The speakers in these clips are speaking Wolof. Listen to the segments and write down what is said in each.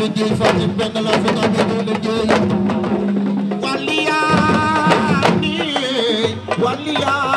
liggéey Fatick benn la fi nga bëgg liggéey waliyaa ni waliyaa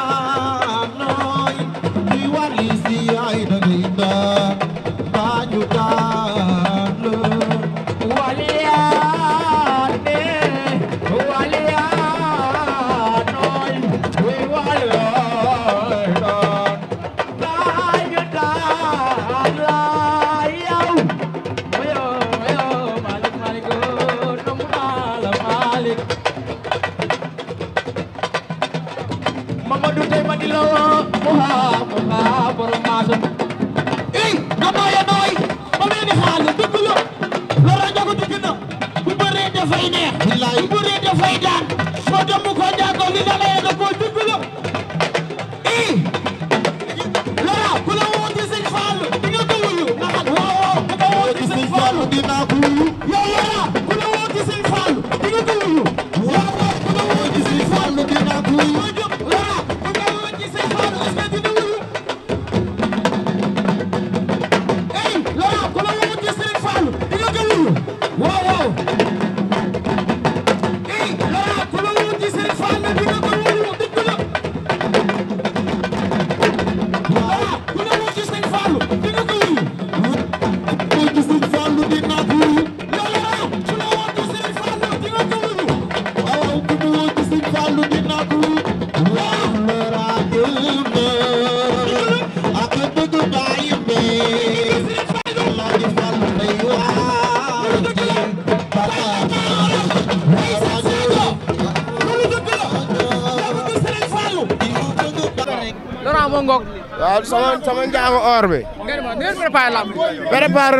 ngoog. waaw sama sama njaamu or bi. ngeen préparé lamb préparé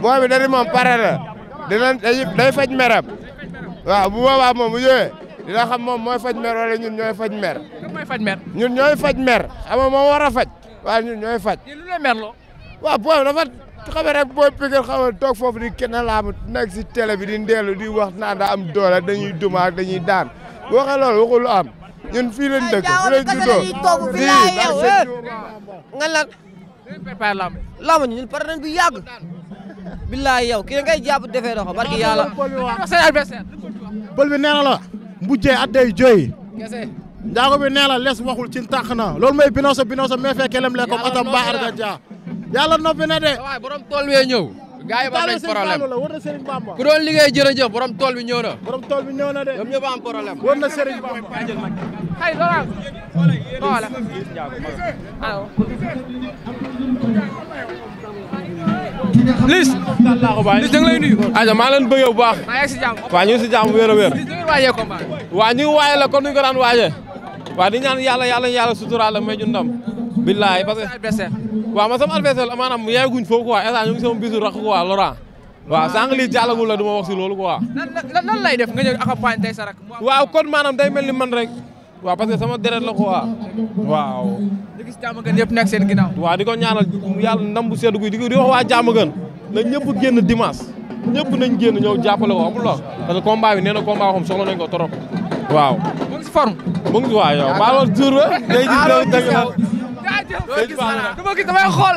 boobi da di moom pare la dinañ day faj bu boobaa moom bu ñëwee dina xam moom mooy faj mer wala ñun ñooy faj mer. mooy faj mer ñun ñooy faj mer xam nga a faj waaye ñun ñooy faj. lu lay dafa xam rek booy piquet xam nga foofu di kenn laamu nekk si télé bi di ndeelu di wax naan daa am daan boo waxee loolu waxul lu am. ñun fii lañ dëkk fii lañ juddoo fii eh. nga lan. laamu ñun pare nañ bu yàgg. billaay yow ki ngay jàpp defee doxo barki yàlla. pël bi nee na la. mbujjee at day jooy. njaago bi nee na les waxul ci tàq na loolu mooy binoso binoso mais fekkelem le comme atam ba arga jaa yàlla noppi na de. waaw borom tool wee ñëw. gaa yi ba am nañ problème ku doon liggéey jërëjëf borom tool bi ñëw na. borom tool bi ñëw na de. ñoom ñëpp am problème. wër na Serigne Bamba. xëy na loolaa. Liss. Liss da nga lay nuyu. Aja maa leen bëggee baax. waa ñu ngi si jàmm wéer a wéer. waaye la comme ni ñu ko daan waajee. waa di ñaan yàlla yàlla yàlla suturaal la may billaay parce que waaw man sama adversaire la maanaam yeeguñ foofu quoi instant bisu rakk quoi Laurent waaw ah. sànq lii la du ma wax si loolu quoi. lan lan lay nga ñëw accompagné tey sa rakk. waaw kon maanaam day mel ni man rek. waaw sama deret la quoi. waaw. di gis jàmm gën yëpp nekk seen ginnaaw. waaw di na ñëpp génn dimanche. ñëpp nañ génn ñëw jàppale ko amul lool parce que combat nee na combat waxam soxla nañ ko trop. waaw. mu ngi si forme. mu ngi si waaw yow. maa ngi doon jour day dama gis damay xool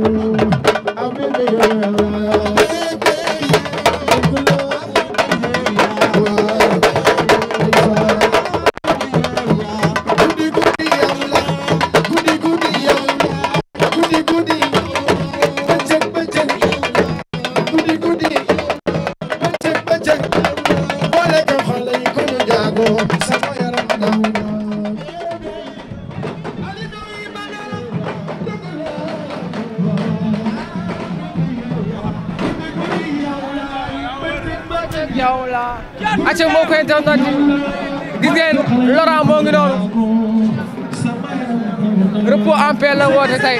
woote tey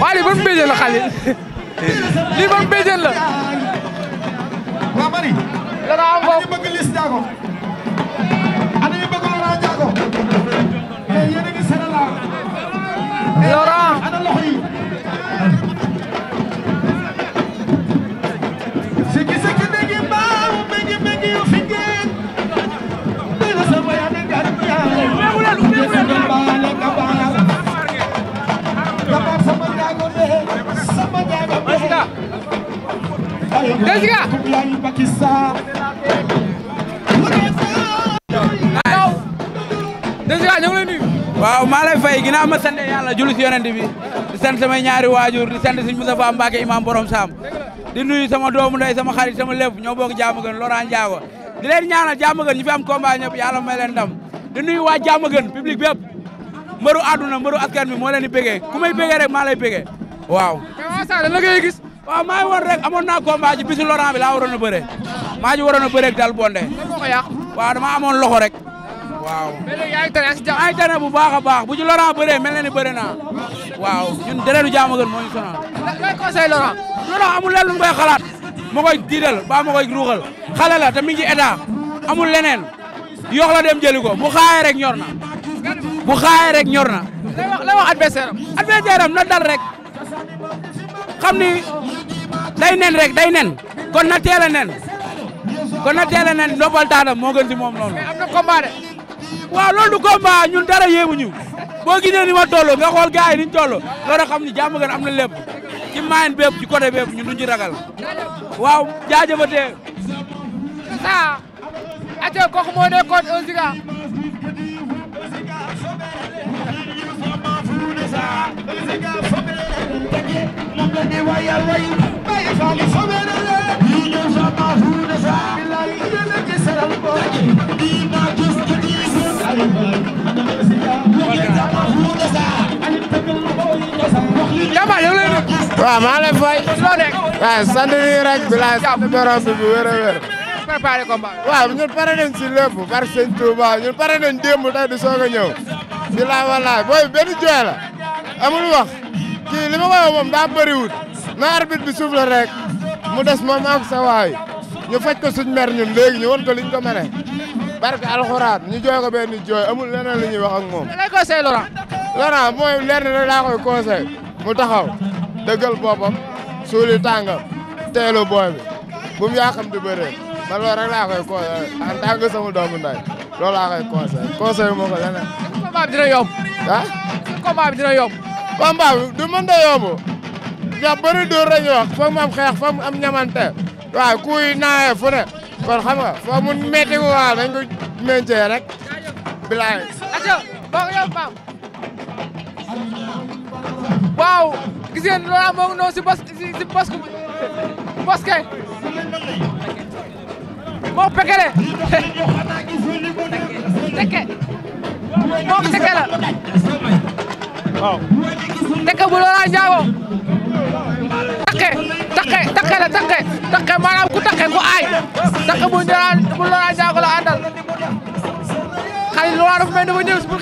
waa lii ban béjjén la xale lii ban béjjén la. waaw bari. dana am foofu bëgg Liss Ndiago. ana ñu bëgg Laurent Ndiago. mais eh, yéen a ngi seetal la. Eh, Laurent ana loxo yi. Thank you. Masika Desiga Desiga ñu ngi lay nuyu waaw maa lay fay ginnaaw ma sant yàlla julli si yonent bi di sant samay ñaari waajur di sant Serigne Moustapha Mbacké imam borom saam di nuyu sama doomu ndey sama xarit sama lépp ñoo bokk jàmm gën Laurent Ndiago di leen ñaanal jàmm gën fi am combat ñëpp yàlla may leen ndam di nuyu waa jàmm gën public mbëru àdduna mbëru askan bi moo leen di bégee ku rek maa lay bégee waaw Wassare la ngay gis waaw rek amoon naa combat ji bisu Laurent bi laa waroon a bëree maa ji waroon dal bonde waaw amoon loxo rek waaw ay tane bu baax a baax bu ci waaw ñun deretu jaama gën moo ñu sonal lay conseil xalaat ma koy ba ma koy ruuxal la te mi ngi état amul leneen dem jëli ko bu rek ñor na bu rek ñor na lay wax adversaire na dal rek xam ni day rek day nen kon na teel a nen kon na teel a nen ndombal tànam moo si moom noonu. am na combat de. waaw loolu du ñun dara yéemuñu boo gisee ma toll nga xool gars yi ni ñu xam ni jàmm gën am na lépp ci maayen bépp ci côté bépp ñun duñ ci ragal waaw jaajëfatee. saa moom la ñuy wayal way Baye Fall yi soobee na leen ñii ñëw sa maafu na sa bilaay ina la ci seral ko ñii naa gis ci ñii seen ay waaw maa leen fay. loo nekk. waaw sant nañu rek di la sant borom bi bu wér a wér. préparé combat. waaw ñun pare nañ si lépp par sëñ Touba ñun pare nañ démb tey di soog a ñëw. di la walaay booy benn jooy la amul wax. kii li ma woowee moom daa bëriwut na arbitre bi suuf la rek mu des moom ak sa waay ñu faj ko suñ mer ñun léegi ñu wan ko liñ ko mere barke alxuraan ñu jooy ko benn jooy amul leneen li ñuy wax ak moom. lan lay conseil Laurent. Laurent mooy lenn rek laa koy mu taxaw dëggal boppam suuli tàngam teelu booy bi bu mu yaa xam di bëree man loolu rek laa koy conseil en tant que sama doomu nday loolu laa koy conseil conseil moo ko leneen. combat bi dina yomb. ah combat bi dina combat bi du mën da yomb ja bëri dóor wax foog am xeex foog am ñamante waaw kuy naawee fu ne kon xam nga foo mu métti wu waaw dañ ko méncee rek bilaay waaw gis ngeen loolu moo noonu si bos si bos boske moo pekele tekke moo tekke la waaw teke bu Laurent Ndiago taqe taqe taqe la taqe taqe maanaam ku ku aay taqe bu bu Laurent Ndiago la àndal xale Laurent dafa mel ni dafa si pour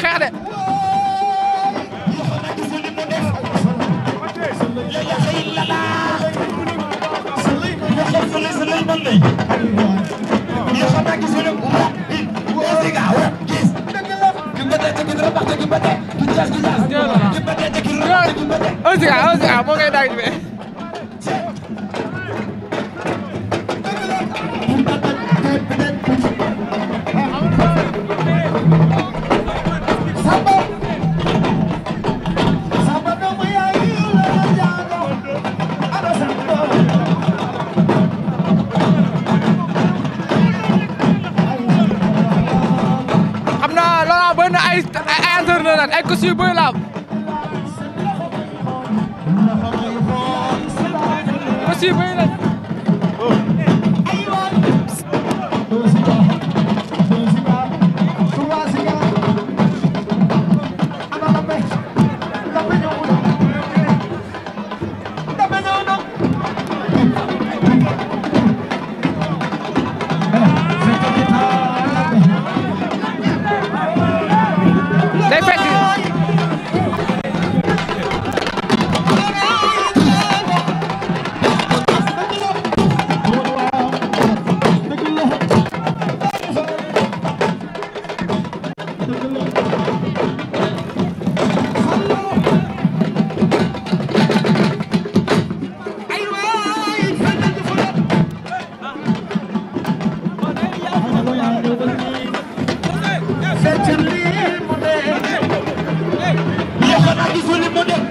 xeex de gimbete te kin rabax te gimbete kin jas kin jas gimbete te kin rabax te gimbete ndeysaan ay costume boy la am costume boy la Search and leave, Monday. You're gonna give me Monday.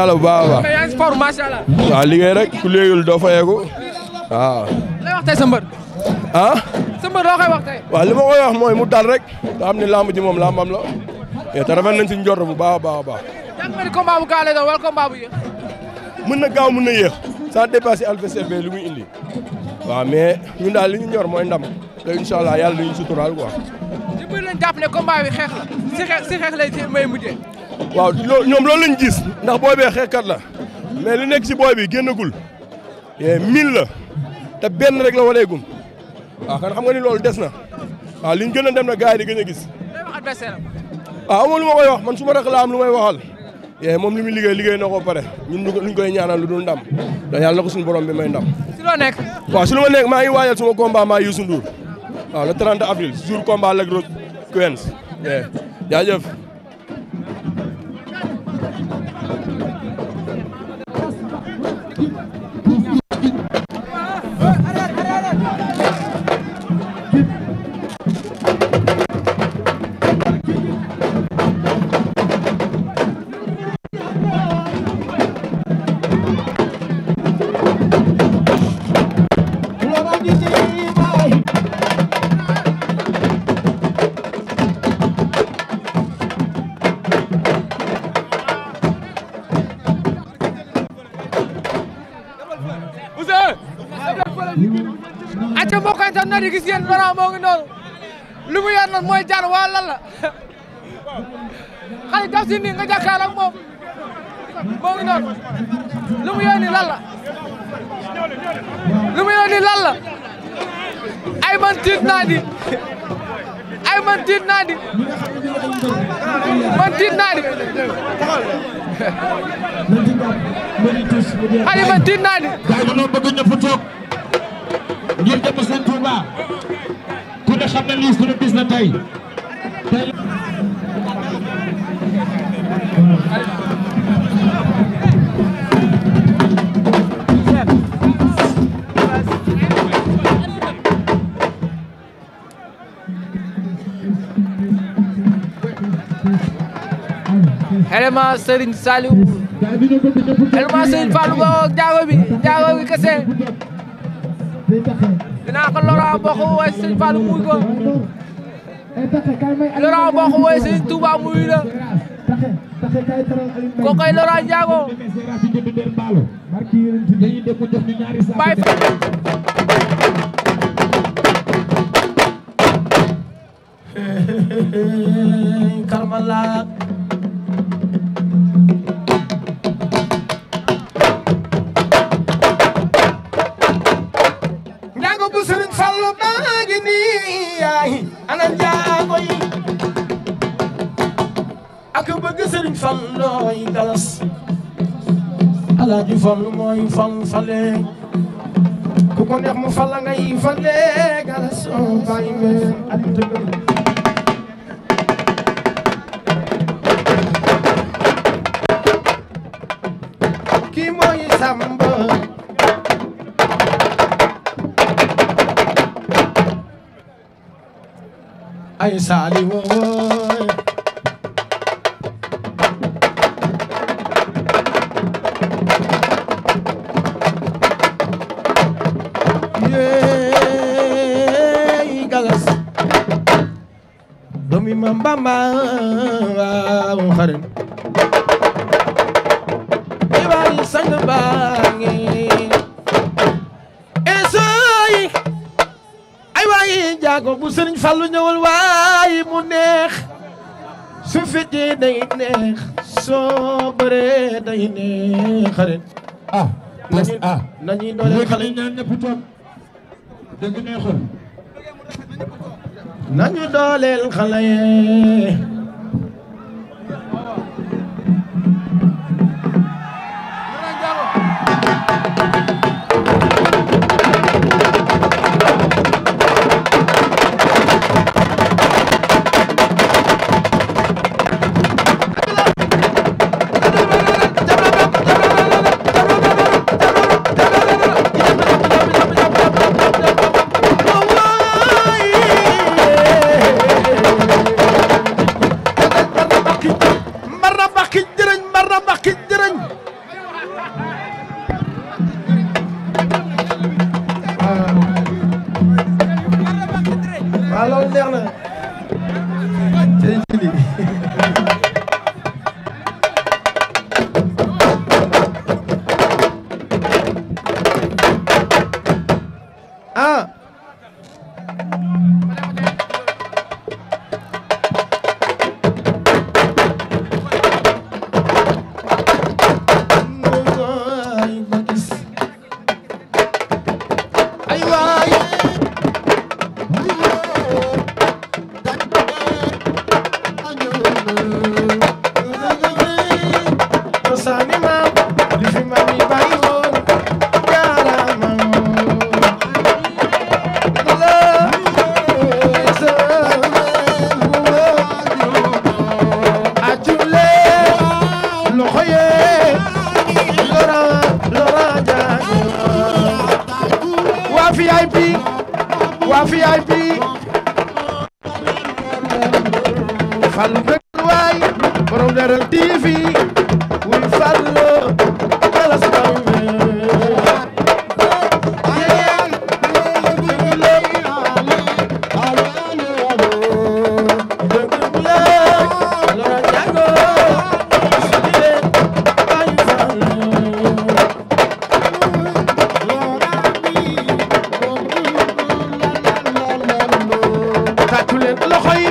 yàlla bu baax a baax. yaa ngi sport macha allah. waaw liggéey rek ku léegul doo fayeeku waaw. lay wax tey sa mbër. ah. sa mbër wax li ma koy wax mooy mu dal rek. nga xam ne lamb ji moom lambam la. te rafet nañ ci njort bu baax baax a baax. jàpp nga ni combat bu gaaw lay doon wala na gaaw mën na yéex. sans dépasser adversaire bi lu muy indi. waaw mais ñun daal li ñu ñor mooy ndam. te incha allah yàlla dañu suturaal quoi. si xeex si xeex lay may waaw loo ñoom loolu lañ gis ndax booy bee xeexkat la mais li nekk si booy bi génnagul mille la te benn rek la waneegum waaw kan xam nga ni loolu des na waaw liñ gën a dem na gars yi di gën a gis. waaw amoo lu ma koy wax man su ma rek laa am lu may waxal. yee eh, moom li muy liggéey liggéey na ko pare ñun luñ koy ñaanal lu dul ndam da yàlla na ko suñu borom bi ma ndam. si loo nekk. waaw si lu ma nekk maa ngi waajal suma combat maa Youssou Ndour waaw le 30 avril jour combat Lac Rose Quench eh, jaajëf. Franc moo noonu lu mu yor mooy jaan waa lan la xale jàpp si nga jàkkaarloo moom moo noonu lu mu yor nii lan la ay man tiit naa ay man tiit naa man tiit naa di ay man tiit naa di ay dañoo bëgg ñëpp xam ne lii sunu bis la tey élément Serigne Saliou élément Serigne Fallou naa ko Laurent Bokh waaye Sëñ Fallou muy ko Laurent Bokh waaye Sëñ Touba muy la ko koy Laurent Ndiago bay karmala ana njaago yi ak bëgg sëriñ fan looy galas alaaji fan mooy fan fale ku ko neex fala ngay fale galas oh, bàyyi meen ak tëgg baay saali wooy yeey galas doomi ma mbamba waaw xaren i baay sang baay bu sëriñ Fallu ñëwul waaye mu neex su fitee day neex soo bëree day neex xarit ah ah nañuy dooleel dooleel xale loxo yi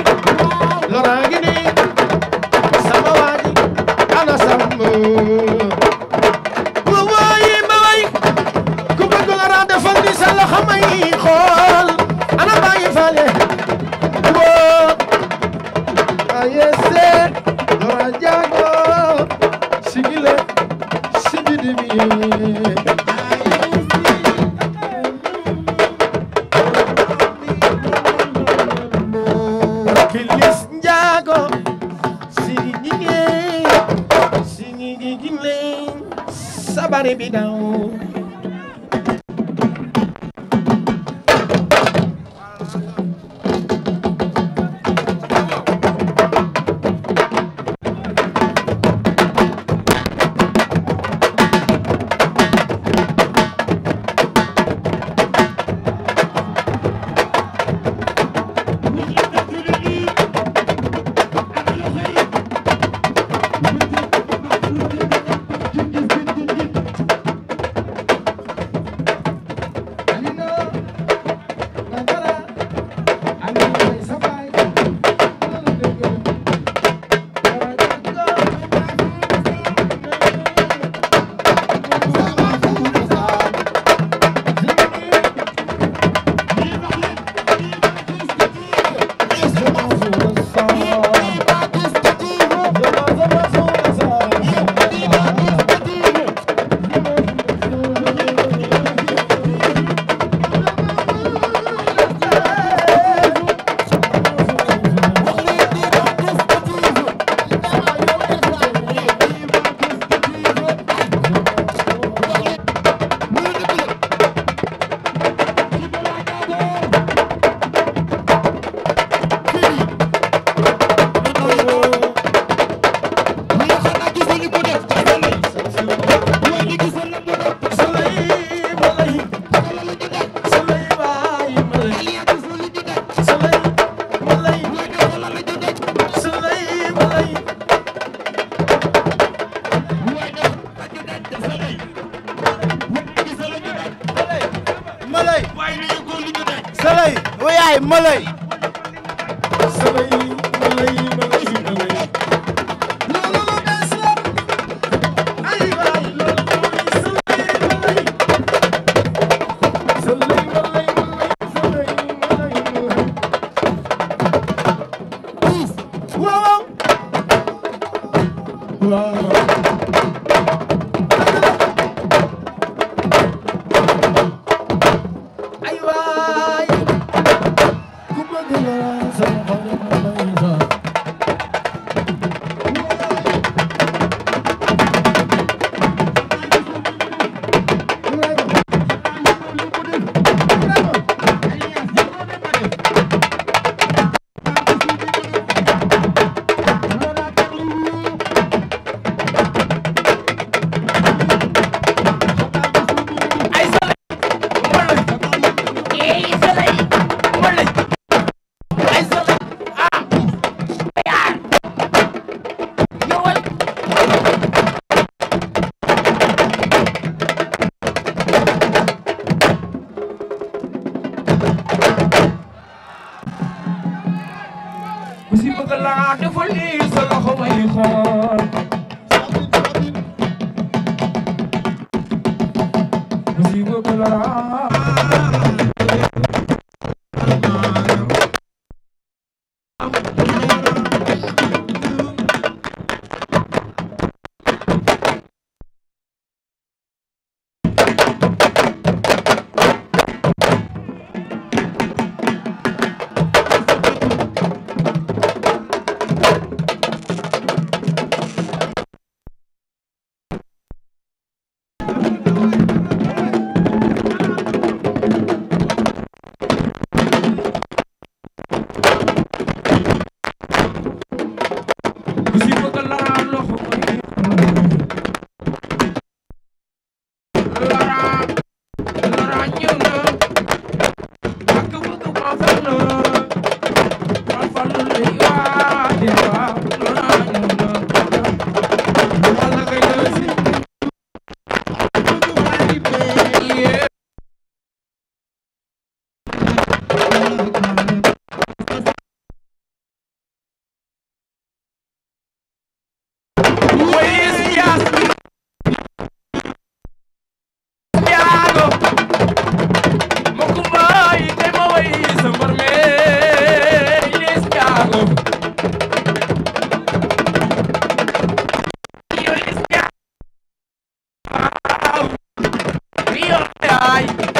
Njaay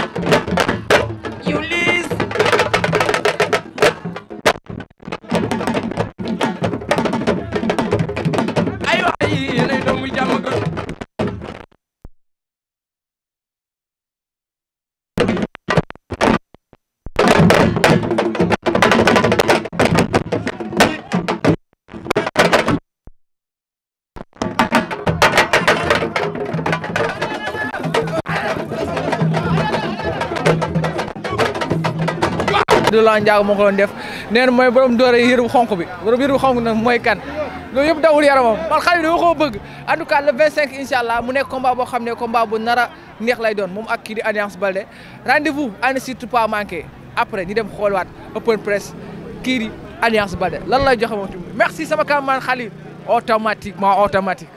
Roland Ndiago moo ko doon def nee na mooy borom doore yër bu xonq bi borom yër bu xonq bi nag mooy kan loolu yëpp dawul yaramam man xale bi dama bëgg en tout cas le 25 incha mu nekk combat boo xam ne combat bu nara neex lay doon moom ak kii di Alliance Baldé rendez-vous à ne surtout pas manquer après ñu dem xoolwaat open press kii Alliance Baldé lan joxe moom tamit merci sama cameraman Khalil automatiquement automatique.